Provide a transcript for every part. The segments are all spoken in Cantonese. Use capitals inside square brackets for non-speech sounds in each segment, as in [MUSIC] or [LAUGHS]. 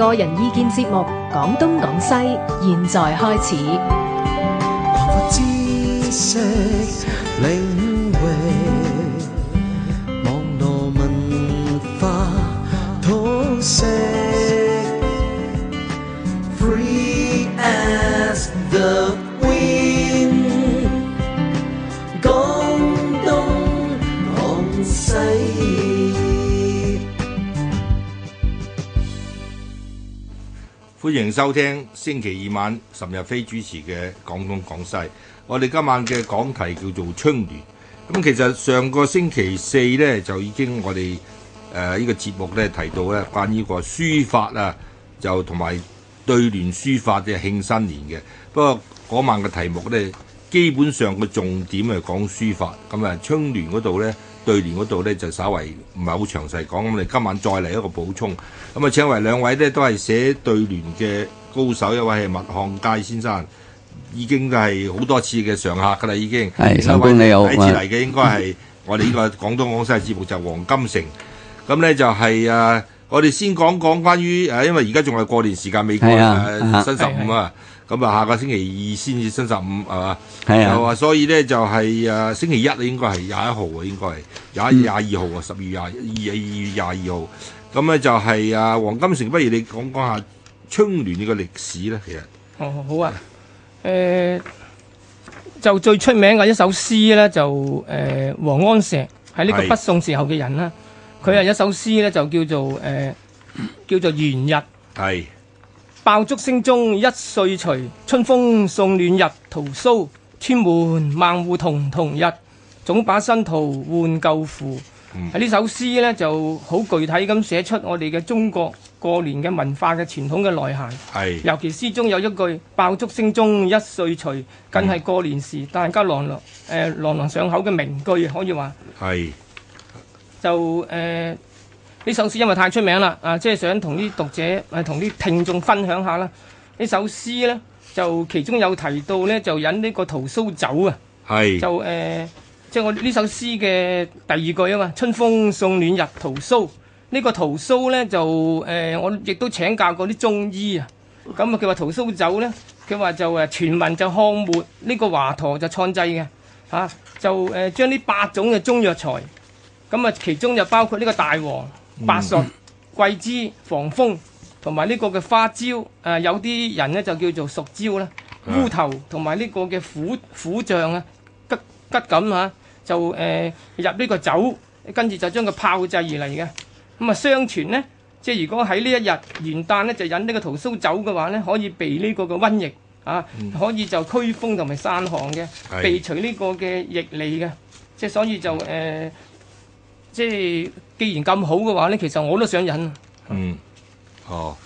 個人意見節目《講東講西》，現在開始。 [MUSIC] [MUSIC] 歡迎收聽星期二晚岑逸飛主持嘅廣東廣西。我哋今晚嘅講題叫做春聯。咁其實上個星期四呢，就已經我哋誒呢個節目呢提到呢關於個書法啊，就同埋對聯書法嘅慶新年嘅。不過嗰晚嘅題目呢，基本上個重點係講書法。咁啊，春聯嗰度呢。對聯嗰度咧就稍為唔係好詳細講，咁我哋今晚再嚟一個補充。咁啊，請嚟兩位咧都係寫對聯嘅高手，一位係麥漢楷先生，已經都係好多次嘅常客噶啦，已經。係，岑生你好。第一次嚟嘅應該係我哋呢個廣東廣西節目就王金成。咁咧就係啊。我哋先講講關於誒，因為而家仲係過年時間，未過誒新十五啊，咁啊下個星期二先至新十五係嘛？係啊，啊，啊，所以咧就係、是、誒星期一啊，應該係廿一號啊，應該係廿廿二號啊，十二廿二月廿二號。咁咧、嗯、就係、是、啊，王金成不如你講講下春聯呢個歷史咧，其實哦好啊，誒、呃、就最出名嘅一首詩咧，就誒、呃、王安石喺呢個北宋時候嘅人啦。佢係一首詩咧，就叫做誒、呃，叫做元日。係。爆竹聲中一歲除，春風送暖入屠蘇。千門萬戶曈曈日，總把新桃換舊符。喺呢首詩咧，就好具體咁寫出我哋嘅中國過年嘅文化嘅傳統嘅內涵。係。尤其詩中有一句爆竹聲中一歲除，更係過年時大家朗朗誒朗朗上口嘅名句，可以話。係。就誒呢首詩，因為太出名啦，啊，即係想同啲讀者誒同啲聽眾分享下啦。呢首詩咧，就其中有提到咧，就引呢個屠蘇酒啊，係就誒即係我呢首詩嘅第二句啊嘛。春風送暖入屠蘇，呢個屠蘇咧就誒，我亦都請教過啲中醫啊。咁啊，佢話屠蘇酒咧，佢話就誒傳聞就漢末呢個華佗就創製嘅嚇，就誒將呢八種嘅中藥材。咁啊，其中就包括呢個大黃、嗯、白術、桂枝、防風，同埋呢個嘅花椒，誒、呃、有啲人呢就叫做熟椒啦，的烏頭同埋呢個嘅虎苦醬啊、桔桔梗啊，就誒、呃、入呢個酒，跟住就將佢炮製而嚟嘅。咁、嗯、啊，相傳呢，即係如果喺呢一日元旦呢，就飲呢個屠蘇酒嘅話呢，可以避呢個嘅瘟疫啊，嗯、可以就驅風同埋散寒嘅，的避除呢個嘅疫痢嘅，即係所以就誒。即係既然咁好嘅話咧，其實我都想忍嗯，哦，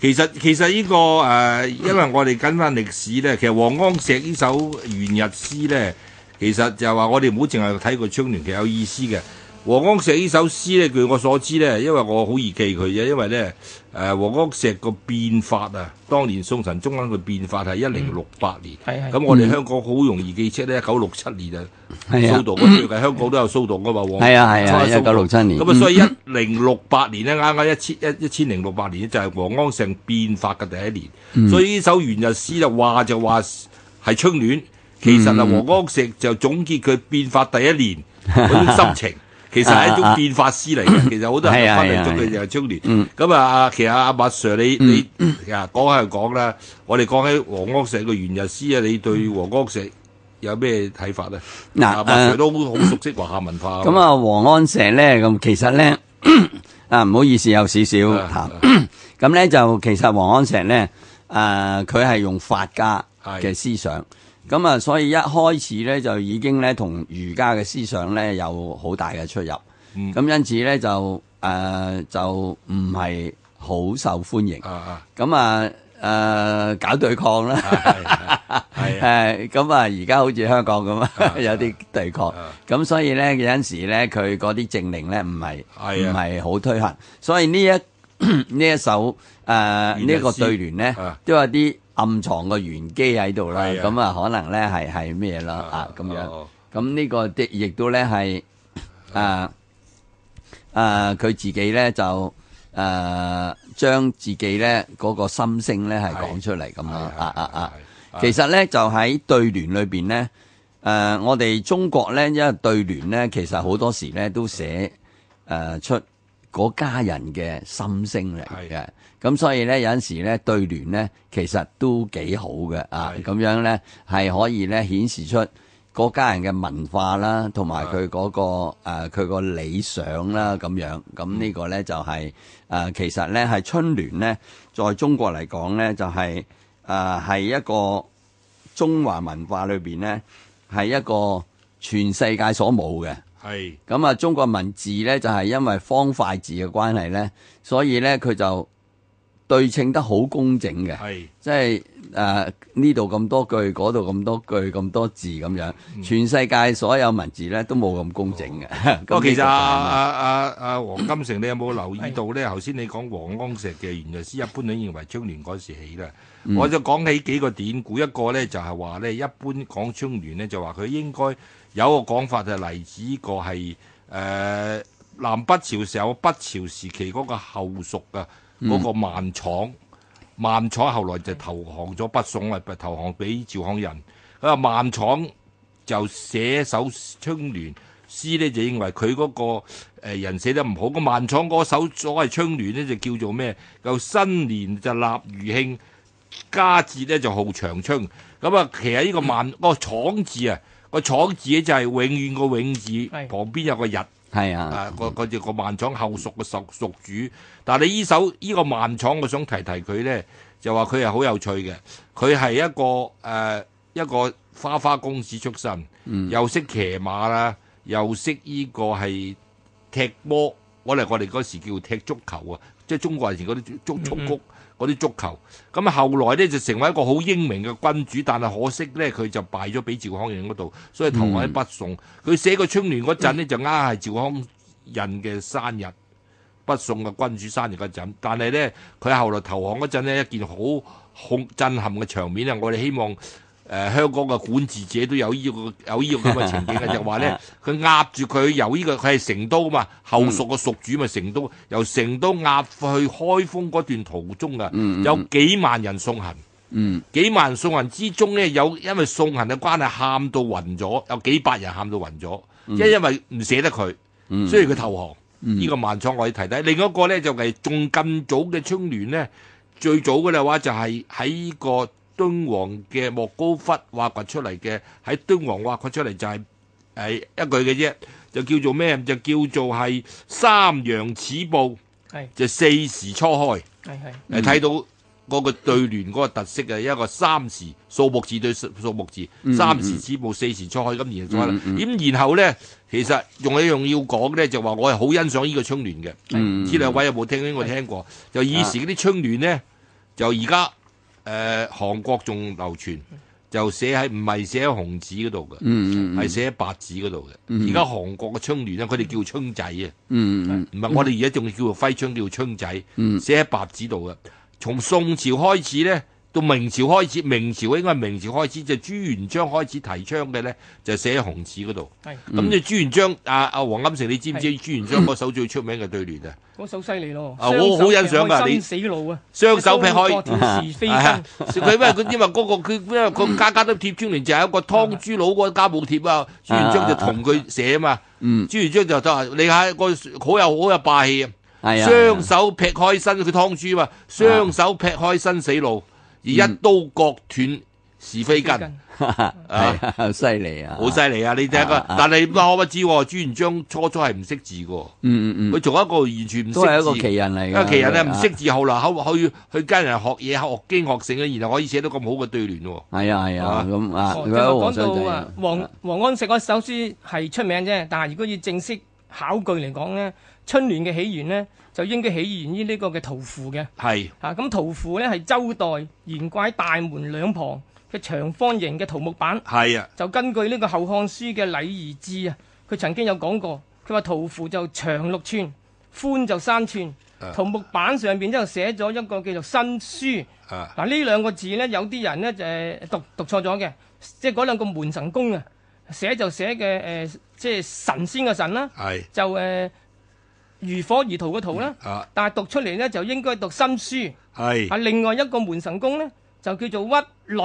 其實其實依、這個誒、呃，因為我哋跟翻歷史咧，其實王安石呢首《元日》詩咧，其實就話我哋唔好淨係睇個春聯，其實有意思嘅。王安石呢首詩咧，據我所知咧，因為我好易記佢嘅，因為咧，誒，王安石個變法啊，當年宋神宗嗰個變法係一零六八年，咁我哋香港好容易記憶咧，一九六七年啊，蘇讀最近香港都有蘇讀噶嘛，王安石一九六七年咁啊，所以一零六八年咧，啱啱一千一一千零六八年咧，就係王安石變法嘅第一年，所以呢首元日詩就話就話係春聯，其實啊，王安石就總結佢變法第一年嗰種心情。其實係一種變法詩嚟嘅，其實好多人都分唔清佢就係年。黎。咁啊，其實阿麥 Sir 你你呀，講開又講啦，我哋講起王安石個元日詩啊，你對王安石有咩睇法咧？嗱、啊，麥、啊啊、Sir 都好熟悉華夏文化。咁啊，王安石咧，咁其實咧 [LAUGHS] 啊，唔好意思有少少吓。咁咧、啊啊、 [LAUGHS] 就其實王安石咧，誒、呃，佢係用法家嘅思想。咁啊，所以一開始咧就已經咧同儒家嘅思想咧有好大嘅出入，咁因此咧就誒就唔係好受歡迎。咁啊誒搞對抗啦，誒咁啊而家好似香港咁啊有啲對抗，咁所以咧有陣時咧佢嗰啲政令咧唔係唔係好推行，所以呢一呢一首誒呢個對聯咧都有啲暗藏嘅玄機喺度啦，咁啊可能咧係係咩咯啊咁樣，咁呢個亦都咧係啊啊佢自己咧就誒將自己咧嗰個心聲咧係講出嚟咁咯啊啊啊，其實咧就喺對聯裏邊咧誒，我哋中國咧因為對聯咧其實好多時咧都寫誒出嗰家人嘅心聲嚟嘅，咁是所以呢，有陣時呢對聯呢，其實都幾好嘅是啊，咁樣呢，係可以呢顯示出嗰家人嘅文化啦，同埋佢嗰個佢個是、呃、理想啦咁樣，咁、嗯、呢個呢就係、是、誒、呃、其實呢，係春聯呢。在中國嚟講呢，就係誒係一個中華文化裏邊呢，係一個全世界所冇嘅。係咁啊！中國文字咧就係因為方塊字嘅關係咧，所以咧佢就對稱得好工整嘅。係即係誒呢度咁多句，嗰度咁多句，咁多字咁樣。全世界所有文字咧都冇咁工整嘅。不過其實阿阿阿王金成，你有冇留意到咧？頭先你講王安石嘅《元日》詩，一般都認為春聯嗰時起啦。我就講起幾個典故，一個咧就係話咧，一般講春聯咧就話佢應該。有個講法就係嚟自呢個係誒、呃、南北朝時候北朝時期嗰個後蜀啊。嗰、嗯、個萬廠，萬廠後來就投降咗北宋啊，投降俾趙匡胤。咁啊，萬廠就寫首春聯，詩呢就認為佢嗰、嗰個、呃、人寫得唔好。咁萬廠嗰首所謂春聯呢，就叫做咩？又新年就立餘慶，嘉節呢就號長春。咁啊，其實呢個萬 [COUGHS] 個廠字啊！個廠字咧，就係永遠個永字，是旁邊有個日，係啊，呃嗰個個字、嗰個萬廠後屬嘅屬屬主。但係你呢首呢，呢個萬廠，我想提提佢咧，就話佢係好有趣嘅。佢係一個誒、呃、一個花花公子出身，嗯、又識騎馬啦，又識呢個係踢波。我哋我哋嗰時叫踢足球啊，即係中國以前嗰啲足足球，嗰啲足球。咁、hmm. 後來呢，就成為一個好英明嘅君主，但係可惜呢，佢就敗咗俾趙匡胤嗰度，所以投降喺北宋。佢、mm hmm. 寫個春聯嗰陣咧、mm hmm. 就啱係趙匡胤嘅生日，北宋嘅君主生日嗰陣。但係呢，佢後來投降嗰陣咧一件好好震撼嘅場面啊！我哋希望。誒、呃、香港嘅管治者都有呢、呢個有呢個咁嘅情景啊， [LAUGHS] 就話咧佢壓住佢由呢、呢個佢係成都啊嘛，後蜀嘅蜀主嘛，嗯、成都由成都壓去開封嗰段途中啊，嗯嗯、有幾萬人送行，嗯、幾萬人送行之中咧有因為送行嘅關係喊到暈咗，有幾百人喊到暈咗，即係、嗯、因為唔捨得佢，所以佢投降，呢個萬錯我哋提低。另一個咧就係仲更早嘅春聯咧，最早嘅咧話就係喺個。早的 敦煌嘅莫高窟挖掘出嚟嘅喺敦煌挖掘出嚟就係誒一句嘅啫，就叫做咩？就叫做係三陽始布，就四時初開。係係，誒睇到嗰個對聯嗰個特色啊，一個三時，數目字對數目字，三時始布四時初開咁連咗啦。咁然後咧，其實仲有一樣要講咧，就話我係好欣賞呢個春聯嘅。嗯，唔知兩位有冇聽過？我聽過，就以前嗰啲春聯咧，就而家。誒、呃、韓國仲流傳，就寫喺唔係寫喺紅紙嗰度嘅，係、嗯嗯、寫喺白紙嗰度嘅。而家、嗯、韓國嘅春聯咧，佢哋叫春仔啊，唔係我哋而家仲叫做揮春，叫春仔，嗯、寫喺白紙度嘅。從宋朝開始咧。到明朝開始，明朝應該係明朝開始，就朱元璋開始提倡嘅咧，就寫喺紅紙嗰度。係咁就朱元璋，阿阿王金成，你知唔知朱元璋嗰首最出名嘅對聯啊？嗰首犀利咯！啊，我好欣賞㗎。你雙手劈開生死路啊！雙手劈開，係啊！佢因為佢因為嗰個佢因為個家家都貼春聯，就係一個劏豬佬個家冇貼啊。朱元璋就同佢寫啊嘛。嗯。朱元璋就得啊，你睇個好又好又霸氣啊！係啊！雙手劈開身，佢劏豬嘛。雙手劈開生死路。而一刀割斷是非根，犀利啊，好犀利啊！你睇下，但你乜我唔知朱元璋初初係唔識字嘅，嗯嗯嗯，佢做一個完全唔識字，都係一個奇人嚟嘅。因為奇人咧唔識字，後來可可以去跟人學嘢、學經、學性，咧，然後可以寫到咁好嘅對聯喎。係啊係啊，咁啊，而家講到王王安石嗰首詩係出名啫，但係如果要正式考據嚟講呢，春聯嘅起源呢。就應該起源於呢個嘅桃符嘅，係嚇咁桃符呢，係周代懸掛喺大門兩旁嘅長方形嘅桃木板，係啊，就根據呢個《後漢書》嘅禮儀志啊，佢曾經有講過，佢話桃符就長六寸，寬就三寸，桃木板上邊之後寫咗一個叫做新書，嗱、啊、呢兩個字呢，有啲人呢就係讀讀錯咗嘅，即係嗰兩個門神功啊，寫就寫嘅誒、呃，即係神仙嘅神啦，係是就誒。呃如火如荼嘅荼啦，但係讀出嚟咧就應該讀新書，係另外一個門神公咧就叫做屈律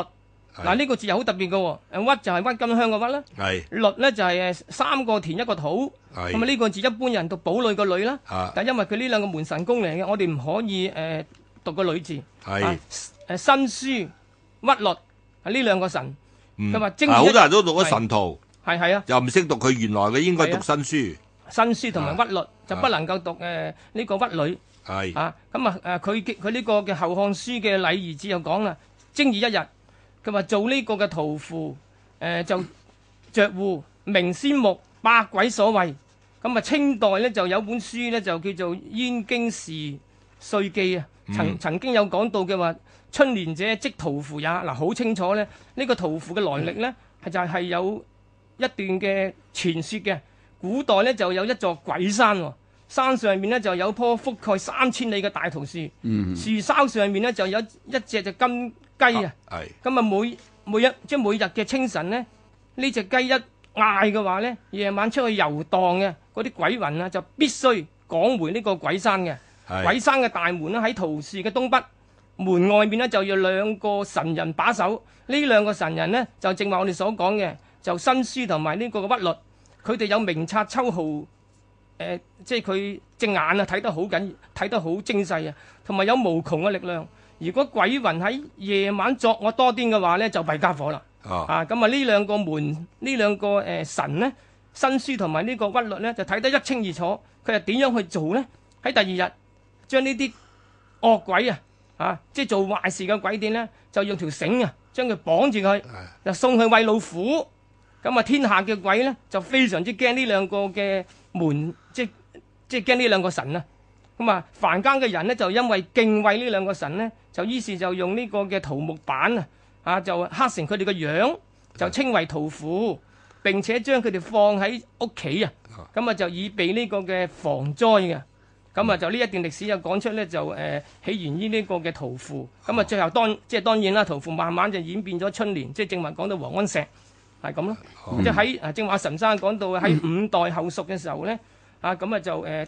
嗱呢個字又好特別嘅，誒屈就係鬱金香嘅屈啦，係律咧就係誒三個田一個土，係咁啊呢個字一般人讀堡壘個壘啦，但因為佢呢兩個門神公嚟嘅，我哋唔可以誒讀個壘字，係誒新書屈律係呢兩個神，佢話精好多人都讀咗神徒，係係啊，又唔識讀佢原來嘅應該讀新書，新書同埋屈律。就不能夠讀誒呢、呃這個屈女。係是啊，咁啊誒佢佢呢個嘅《後漢書》嘅禮儀志又講啦，正月一日，佢話做呢個嘅桃符誒就著戶明仙木百鬼所為。咁、嗯、啊，清代咧就有本書咧就叫做《燕京時歲記》啊，曾、嗯、曾經有講到嘅話春聯者即桃符也嗱，好、呃、清楚咧，呢、這個桃符嘅來歷咧係就係、是、有一段嘅傳說嘅。嗯古代咧就有一座鬼山、哦、山上面咧就有棵覆蓋三千里嘅大桃樹，mm hmm. 樹梢上面咧就有一隻就金雞啊。咁啊每每一即係每日嘅清晨咧，呢隻雞一嗌嘅話咧，夜晚出去遊蕩嘅嗰啲鬼魂啊，就必須趕回呢個鬼山嘅。是鬼山嘅大門咧喺桃樹嘅東北，門外面咧就有兩個神人把守。呢兩個神人咧就正話我哋所講嘅，就神荼同埋呢個嘅鬱壘。佢哋有明察秋毫，誒，即係佢隻眼啊，睇得好緊，睇得好精細啊，同埋有無窮嘅力量。如果鬼魂喺夜晚作惡多端嘅話咧，就弊傢伙啦。啊，咁啊，呢兩個門，呢兩個誒神咧，神荼同埋呢個鬱壘咧，就睇得一清二楚。佢又點樣去做咧？喺第二日，將呢啲惡鬼啊，啊，即係做壞事嘅鬼點咧，就用條繩啊，將佢綁住佢，就送去餵老虎。咁啊！天下嘅鬼呢，就非常之驚呢兩個嘅門，即即驚呢兩個神啊！咁啊，凡間嘅人呢，就因為敬畏呢兩個神咧，就於是就用呢個嘅桃木板啊，啊就刻成佢哋嘅樣，就稱為桃符。並且將佢哋放喺屋企啊，咁啊就以備呢個嘅防災嘅。咁啊就呢一段歷史有講出呢，就誒、呃、起源於呢個嘅桃符。咁啊就最後當即係當然啦，桃符慢慢就演變咗春聯，即係正話講到王安石。係咁咯，即係喺啊，正話岑生講到喺五代後蜀嘅時候咧，嗯、啊咁啊就誒、呃，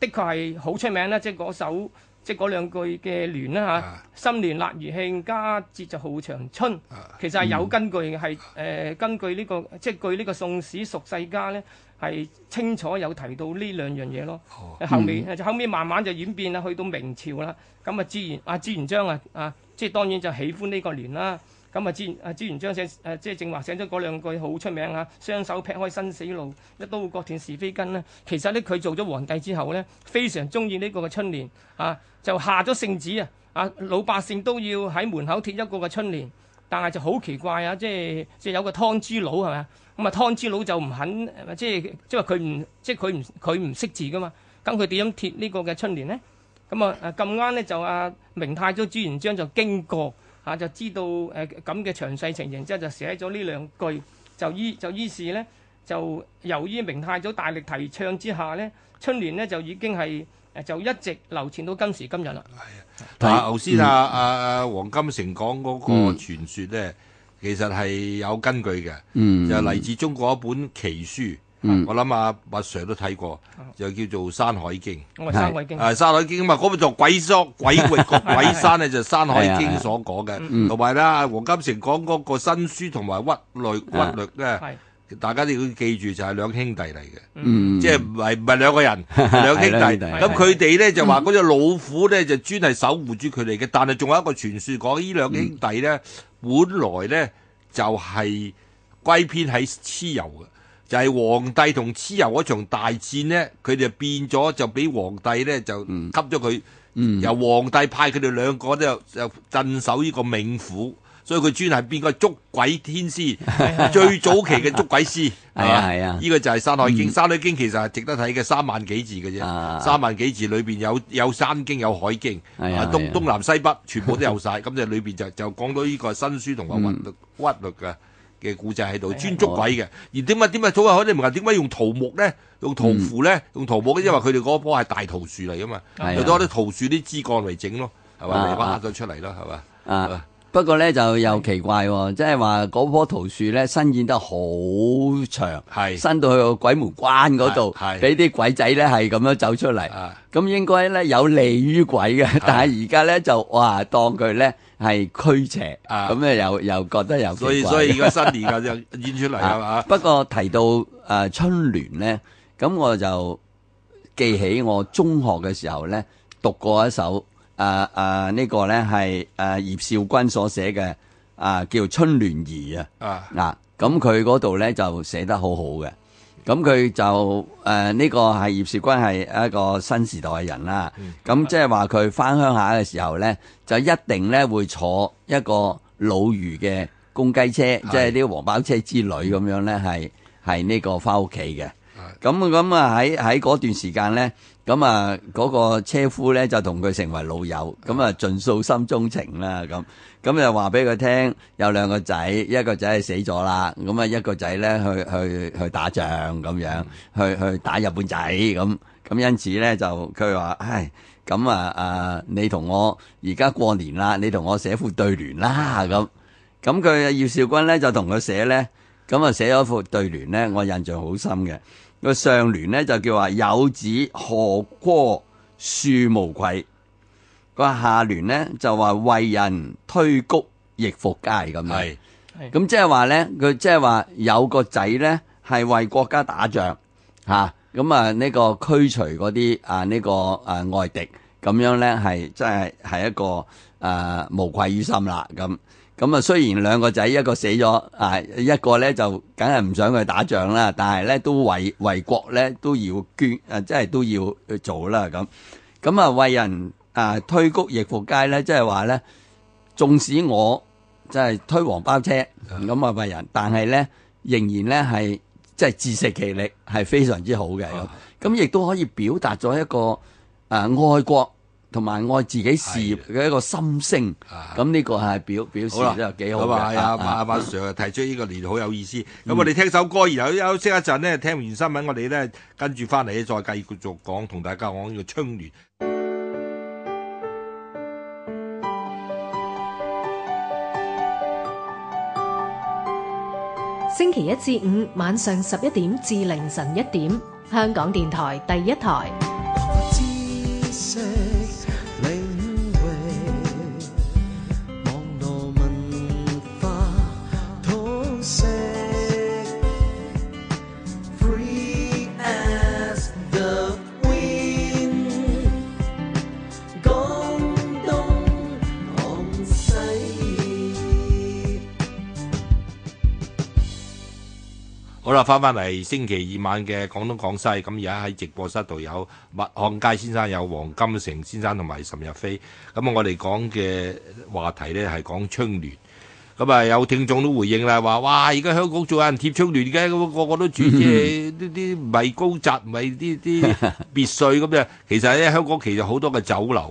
的確係好出名啦，即係嗰首，即係嗰兩句嘅聯啦、啊、嚇，啊、新年納餘慶，佳節就號長春，其實係有根據嘅，係誒、嗯呃、根據呢個即係據呢個《宋史》《蜀世家》呢咧係清楚有提到呢兩樣嘢咯。後面、嗯、後尾慢慢就演變啦，去到明朝啦，咁、嗯、啊，朱元啊朱元璋啊啊，即係當然就喜歡呢個聯啦。咁啊，朱朱、嗯、元璋寫誒，即係正話寫咗嗰兩句好出名啊！雙手劈開生死路，一刀割斷是非根呢，其實咧，佢做咗皇帝之後咧，非常中意呢個嘅春聯啊，就下咗聖旨啊，啊老百姓都要喺門口貼一個嘅春聯。但係就好奇怪啊，即係即係有個湯豬佬係咪、嗯、啊？咁啊，湯豬佬就唔肯，即係即係佢唔即係佢唔佢唔識字噶嘛？咁佢點樣貼個呢個嘅春聯咧？咁啊，咁啱咧就阿、啊、明太祖朱元璋就經過。啊，就知道誒咁嘅詳細情形，之後就寫咗呢兩句，就依就於是咧，就由於明太祖大力提倡之下咧，春聯咧就已經係誒就一直流傳到今時今日啦。係啊，嗱，頭先阿阿阿王金成講嗰個傳説咧，其實係有根據嘅，嗯，就嚟自中國一本奇書。嗯、我諗阿阿 Sir 都睇過，就叫做山、哦山啊《山海經》。《 [LAUGHS] [LAUGHS] 山，山海經》啊、嗯，《山海經》啊嘛，嗰個就鬼捉鬼域個鬼山咧，就《山海經》所講嘅。同埋啦，王金成講嗰個神荼同埋鬱壘鬱壘咧，嗯、大家都要記住，就係兩兄弟嚟嘅。嗯、即係唔係唔係兩個人兩 [LAUGHS] 兄弟。咁佢哋咧就話嗰隻老虎咧就專係守護住佢哋嘅，但係仲有一個傳說講呢兩兄弟咧本來咧就係歸偏喺蚩尤嘅。就係黃帝同蚩尤嗰場大戰呢，佢哋就變咗就俾黃帝咧就吸咗佢。由黃帝派佢哋兩個都就就鎮守呢個冥府，所以佢專係變個捉鬼天師，最早期嘅捉鬼師係嘛？係啊，呢個就係《山海經》，《山海經》其實係值得睇嘅，三萬幾字嘅啫，三萬幾字裏邊有有山經、有海經，東東南西北全部都有晒。咁就裏邊就就講到呢個神荼同埋鬱壘鬱壘嘅。嘅古仔喺度，專捉、哎、呀鬼嘅。而點解點解做啊？可能點解用桃木咧？用桃符咧？嗯、用桃木，因為佢哋嗰棵係大桃樹嚟噶嘛，啊、就攞啲桃樹啲枝幹嚟整咯，係嘛吧？把挖咗出嚟咯，係嘛？不過咧就又奇怪，即係話嗰棵桃樹咧伸延得好長，伸到去嗰鬼門關嗰度，俾啲鬼仔咧係咁樣走出嚟。咁應該咧有利於鬼嘅，但係而家咧就哇當佢咧係驅邪，咁咧又又覺得又。所以所以而家新年又演出嚟係嘛？不過提到誒春聯咧，咁我就記起我中學嘅時候咧讀過一首。啊啊！呢個咧係誒葉紹鈞所寫嘅啊，叫《春聯兒》啊。啊，嗱，咁佢嗰度咧就寫得好好嘅。咁佢就誒呢個係葉紹鈞係一個新時代嘅人啦。咁即係話佢翻鄉下嘅時候咧，就一定咧會坐一個老俞嘅公雞車，即係啲黃包車之類咁樣咧，係係呢個翻屋企嘅。咁咁啊喺喺嗰段時間咧。咁啊，嗰個車夫咧就同佢成為老友，咁啊盡訴心中情啦咁。咁就話俾佢聽，有兩個仔，一個仔係死咗啦，咁啊一個仔咧去去去打仗咁樣，去去打日本仔咁。咁因此咧就佢話：唉，咁啊啊，你同我而家過年啦，你同我寫副對聯啦咁。咁佢葉少君咧就同佢寫咧，咁啊寫咗副對聯咧，我印象好深嘅。個上聯呢就叫話，有子何辜恕無愧，個下聯呢就話為人推谷，亦服街」。咁樣，咁即係話咧，佢即係話有個仔咧係為國家打仗吓，咁啊，個驅啊、呢個、啊呢個驅除嗰啲啊呢個誒外敵，咁樣咧係即係係一個誒、啊、無愧於心啦咁。咁啊，雖然兩個仔一個死咗，啊一個咧就梗係唔想去打仗啦，但係咧都為為國咧都要捐，啊、呃、即係都要去做啦咁。咁啊，為人啊、呃、推谷亦復街咧，即係話咧，縱使我即係推黃包車咁啊為人，但係咧仍然咧係即係自食其力，係非常之好嘅。咁亦都可以表達咗一個誒、呃、愛國同埋愛自己事業嘅一個心聲，咁呢的個係表表示都幾好嘅的。係那啊，阿阿 Sir 提出呢個年好有意思。咁我哋聽首歌，然後休息一陣呢，聽完新聞，我哋呢跟住翻嚟再繼續講，同大家講呢個春聯。星期一至五晚上十一點至凌晨一點，香港電台第一台。好啦，翻翻嚟星期二晚嘅廣東廣西咁，而家喺直播室度有麥漢楷先生、有王金成先生同埋岑逸飛。咁啊，我哋講嘅話題咧係講春聯。咁啊，有聽眾都回應啦，話哇，而家香港仲有人貼春聯嘅？個個都住住呢啲米高宅、米啲啲別墅咁嘅。其實咧，香港其實好多嘅酒樓，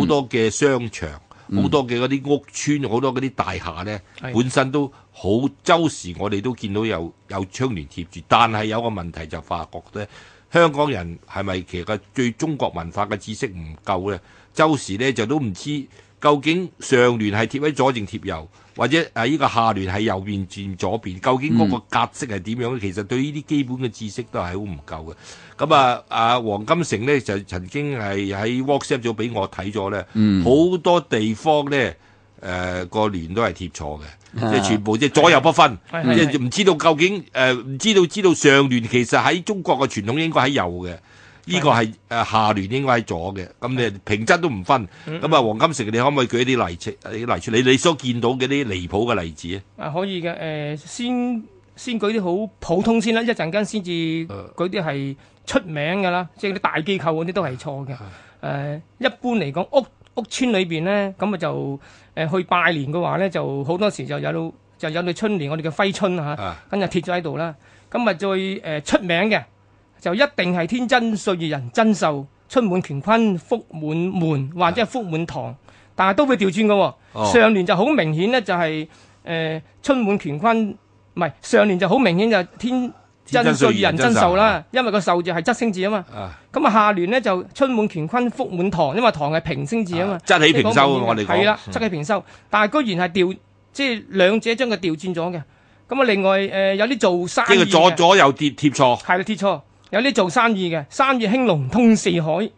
好多嘅商場。好多嘅嗰啲屋邨，好多嗰啲大廈呢，本身都好。周時我哋都見到有有窗簾貼住，但係有個問題就發覺呢，香港人係咪其實嘅對中國文化嘅知識唔夠呢？周時呢，就都唔知。究竟上聯係貼喺左定貼右，或者誒呢個下聯係右邊轉左邊？究竟嗰個格式係點樣？嗯、其實對呢啲基本嘅知識都係好唔夠嘅。咁啊，啊王金成咧就曾經係喺 WhatsApp 咗俾我睇咗咧，好、嗯、多地方咧誒、呃、個聯都係貼錯嘅，嗯、即係全部即係左右不分，即係唔知道究竟誒唔、呃、知道知道上聯其實喺中國嘅傳統應該喺右嘅。呢個係誒下聯應該係左嘅，咁你平仄都唔分，咁啊、嗯嗯、王金成，你可唔可以舉啲例啲例出，你你所見到嘅啲離譜嘅例子啊？啊，可以嘅，誒先先舉啲好普通先啦，一陣間先至舉啲係出名嘅啦，即係啲大機構嗰啲都係錯嘅。誒一般嚟講，屋屋村裏邊咧，咁啊就誒去拜年嘅話咧，就好多時就有就有對春聯我哋嘅揮春嚇，咁就貼咗喺度啦。今日再誒出名嘅。就一定係天增歲月人增壽，春滿乾坤福滿門，或者係福滿堂，但係都會調轉嘅。上聯就好明顯咧，就係誒春滿乾坤，唔係上聯就好明顯就天增歲月人增壽啦。因為個壽字係仄聲字啊嘛，咁啊下聯咧就春滿乾坤福滿堂，因為堂係平聲字啊嘛，仄起平收啊。我哋講係啦，仄起平收，但係居然係調即係兩者將佢調轉咗嘅。咁啊，另外誒有啲做生意，即係左左右貼貼錯，係啦貼錯。有啲做生意嘅，生意興隆通四海，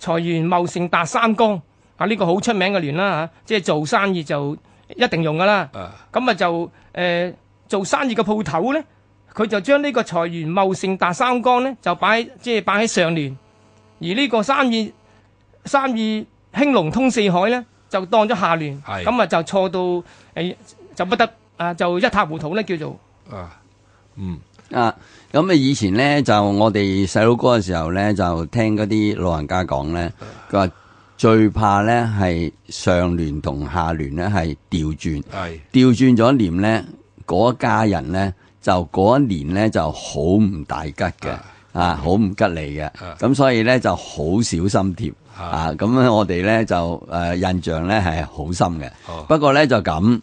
財源茂盛達三江。啊，呢個好出名嘅聯啦嚇，即係做生意就一定用㗎啦。咁啊就誒，做生意嘅鋪頭咧，佢就將呢個財源茂盛達三江咧，就擺即係擺喺上聯，而呢個生意生意興隆通四海咧，就當咗下聯。咁啊就錯到誒就不得啊，就一塌糊塗咧叫做。啊，嗯。啊，咁啊以前咧就我哋細佬哥嘅時候咧就聽嗰啲老人家講咧，佢話、啊、最怕咧係上聯同下聯咧係調轉，係調轉咗一年咧，嗰一家人咧就嗰一年咧就好唔大吉嘅，啊好唔吉利嘅，咁所以咧就好小心貼啊，咁我哋咧就誒印象咧係好深嘅，不過咧就咁。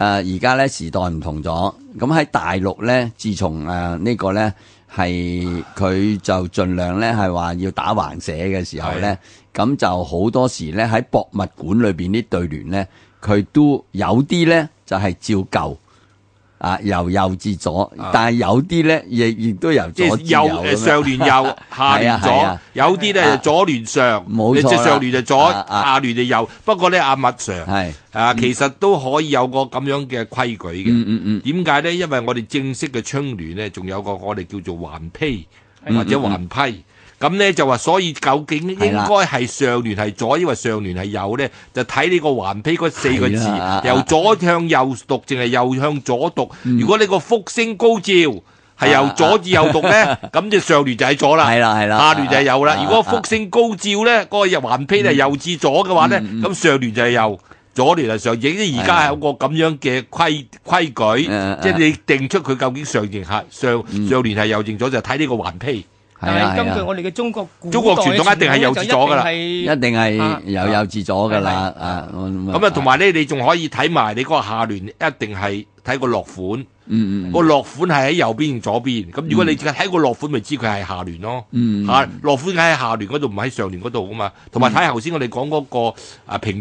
誒而家咧時代唔同咗，咁喺大陸咧，自從誒呢個咧係佢就盡量咧係話要打橫寫嘅時候咧，咁就好多時咧喺博物館裏邊啲對聯咧，佢都有啲咧就係照舊。啊，由右至左，但係有啲咧，亦亦都由左至右即係右上聯右，下聯左，有啲咧左聯上，冇錯啦！即係上聯就左，下聯就右。不過咧，阿麥 Sir 係啊，其實都可以有個咁樣嘅規矩嘅。嗯嗯點解咧？因為我哋正式嘅春聯咧，仲有個我哋叫做橫披或者橫批。咁咧就話，所以究竟應該係上聯係左，抑或上聯係右咧，就睇呢個橫批嗰四個字，由左向右讀定係右向左讀。如果呢個福星高照係由左至右讀咧，咁就上聯就係左啦，係啦係啦，下聯就係右啦。如果福星高照咧，嗰個橫批咧係右至左嘅話咧，咁上聯就係右，左聯就係上。已經而家係有個咁樣嘅規規矩，即係你定出佢究竟上定下，上上聯係右定左，就睇呢個橫批。係，根據我哋嘅中國中國傳統，一定係右至左噶啦，一定係由右至左噶啦，啊，咁啊，同埋咧，你仲可以睇埋你個下聯，一定係睇個落款，嗯嗯、個落款係喺右邊定左邊，咁如果你只係睇個落款，咪知佢係下聯咯，嗯，落、啊、款喺下聯度，唔喺上聯度噶嘛，同埋睇下頭先我哋講個啊平。